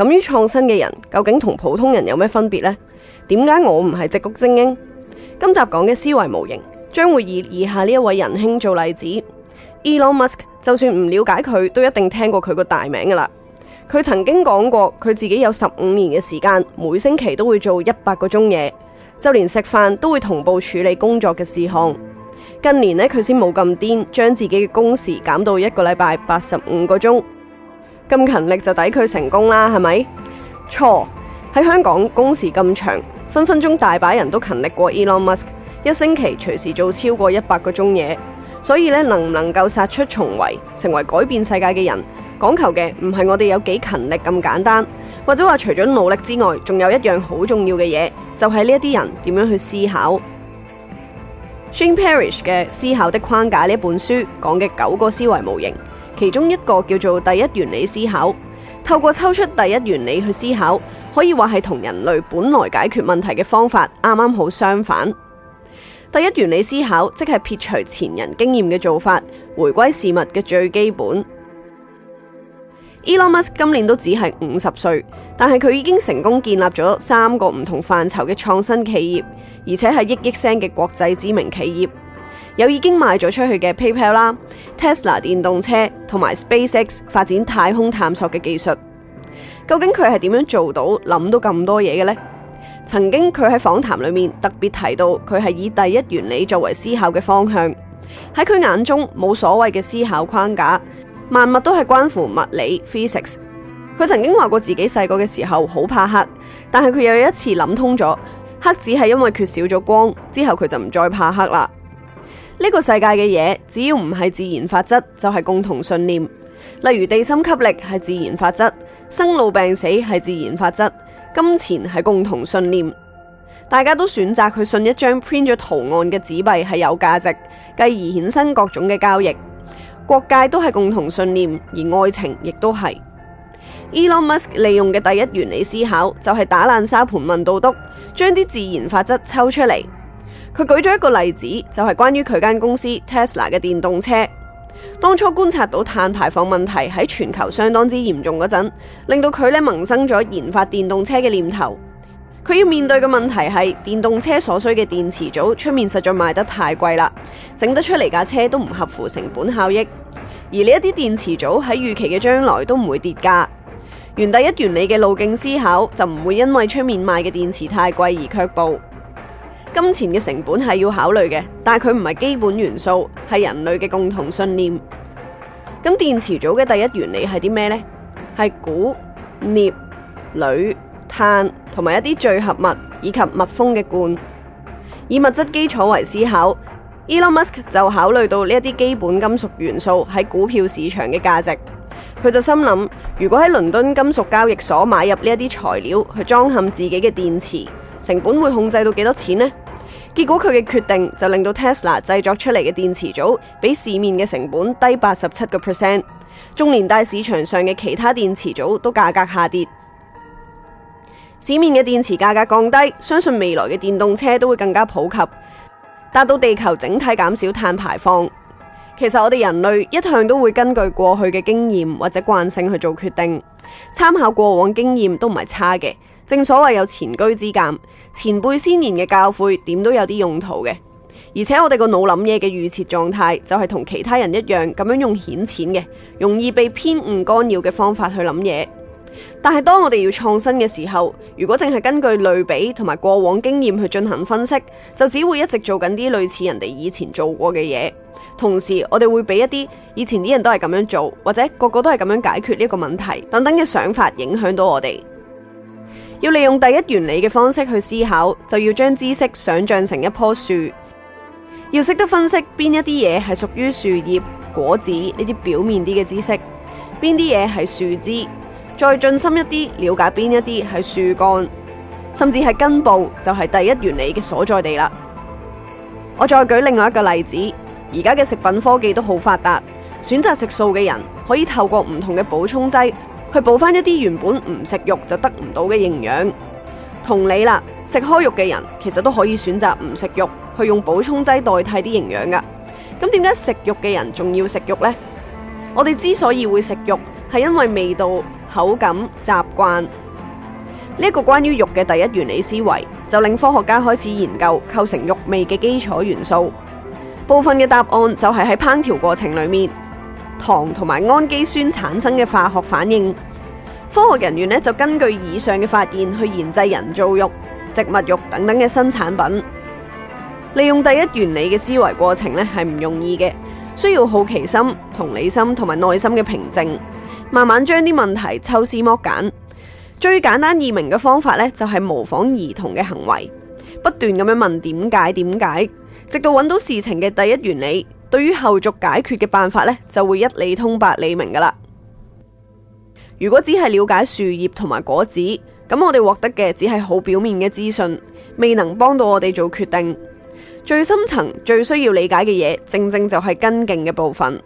敢於創新嘅人究竟同普通人有咩分別呢？點解我唔係矽谷精英？今集講嘅思維模型將會以以下呢一位仁兄做例子。Elon Musk 就算唔了解佢，都一定聽過佢個大名㗎喇。佢曾經講過，佢自己有十五年嘅時間，每星期都會做一百個鐘嘢，就連食飯都會同步處理工作嘅事項。近年呢，佢先冇咁癲，將自己嘅工時減到一個禮拜八十五個鐘。咁勤力就抵佢成功啦，係咪？錯！喺香港工時咁長，分分鐘大把人都勤力過 Elon Musk，一星期隨時做超過一百個鐘嘢。所以咧，能唔能夠殺出重圍，成為改變世界嘅人，講求嘅唔係我哋有幾勤力咁簡單，或者話除咗努力之外，仲有一樣好重要嘅嘢，就係呢一啲人點樣去思考。Shane Parrish 嘅《思考的框架》呢一本書講嘅九個思維模型。其中一個叫做第一原理思考，透過抽出第一原理去思考，可以話係同人類本來解決問題嘅方法啱啱好相反。第一原理思考即係撇除前人經驗嘅做法，回歸事物嘅最基本。Elon Musk 今年都只係五十歲，但係佢已經成功建立咗三個唔同範疇嘅創新企業，而且係億億聲嘅國際知名企業。有已經賣咗出去嘅 PayPal 啦，Tesla 電動車同埋 SpaceX 發展太空探索嘅技術。究竟佢係點樣做到諗到咁多嘢嘅呢？曾經佢喺訪談裏面特別提到，佢係以第一原理作為思考嘅方向。喺佢眼中冇所謂嘅思考框架，萬物都係關乎物理 physics。佢曾經話過自己細個嘅時候好怕黑，但係佢又有一次諗通咗，黑只係因為缺少咗光之後，佢就唔再怕黑啦。呢個世界嘅嘢，只要唔係自然法則，就係共同信念。例如地心吸力係自然法則，生老病死係自然法則，金錢係共同信念。大家都選擇去信一張 print 咗圖案嘅紙幣係有價值，繼而衍生各種嘅交易。國界都係共同信念，而愛情亦都係。Elon Musk 利用嘅第一原理思考就係打爛沙盤問到篤，將啲自然法則抽出嚟。佢舉咗一個例子，就係關於佢間公司 Tesla 嘅電動車。當初觀察到碳排放問題喺全球相當之嚴重嗰陣，令到佢咧萌生咗研發電動車嘅念頭。佢要面對嘅問題係，電動車所需嘅電池組出面實在賣得太貴啦，整得出嚟架車都唔合乎成本效益。而呢一啲電池組喺預期嘅將來都唔會跌價。原第一原理嘅路徑思考，就唔會因為出面賣嘅電池太貴而卻步。金錢嘅成本係要考慮嘅，但係佢唔係基本元素，係人類嘅共同信念。咁電池組嘅第一原理係啲咩呢？係鈷、鎳、鋁、碳同埋一啲聚合物以及密封嘅罐。以物質基礎為思考，Elon Musk 就考慮到呢一啲基本金屬元素喺股票市場嘅價值。佢就心諗，如果喺倫敦金屬交易所買入呢一啲材料去裝嵌自己嘅電池。成本會控制到幾多錢呢？結果佢嘅決定就令到 Tesla 製作出嚟嘅電池組比市面嘅成本低八十七個 percent，仲連帶市場上嘅其他電池組都價格下跌。市面嘅電池價格降低，相信未來嘅電動車都會更加普及，達到地球整體減少碳排放。其實我哋人類一向都會根據過去嘅經驗或者慣性去做決定，參考過往經驗都唔係差嘅。正所謂有前車之鑒，前輩先賢嘅教誨點都有啲用途嘅。而且我哋個腦諗嘢嘅預設狀態就係、是、同其他人一樣咁樣用顯淺嘅，容易被偏誤干擾嘅方法去諗嘢。但係當我哋要創新嘅時候，如果淨係根據類比同埋過往經驗去進行分析，就只會一直做緊啲類似人哋以前做過嘅嘢。同時，我哋會俾一啲以前啲人都係咁樣做，或者個個都係咁樣解決呢個問題等等嘅想法影響到我哋。要利用第一原理嘅方式去思考，就要將知識想象成一棵樹，要識得分析邊一啲嘢係屬於樹葉、果子呢啲表面啲嘅知識，邊啲嘢係樹枝。再進深一啲，了解邊一啲係樹幹，甚至係根部，就係第一原理嘅所在地啦。我再舉另外一個例子，而家嘅食品科技都好發達，選擇食素嘅人可以透過唔同嘅補充劑去補翻一啲原本唔食肉就得唔到嘅營養。同理啦，食開肉嘅人其實都可以選擇唔食肉，去用補充劑代替啲營養噶。咁點解食肉嘅人仲要食肉呢？我哋之所以會食肉，係因為味道。口感、習慣，呢個關於肉嘅第一原理思維，就令科學家開始研究構成肉味嘅基礎元素。部分嘅答案就係喺烹調過程裏面，糖同埋氨基酸產生嘅化學反應。科學人員呢，就根據以上嘅發現去研製人造肉、植物肉等等嘅新產品。利用第一原理嘅思維過程呢，係唔容易嘅，需要好奇心、同理心同埋內心嘅平靜，慢慢將啲問題抽絲剝繭，最簡單易明嘅方法咧，就係模仿兒童嘅行為，不斷咁樣問點解點解，直到揾到事情嘅第一原理，對於後續解決嘅辦法咧，就會一理通百理明噶啦。如果只係了解樹葉同埋果子，咁我哋獲得嘅只係好表面嘅資訊，未能幫到我哋做決定。最深層、最需要理解嘅嘢，正正就係根莖嘅部分。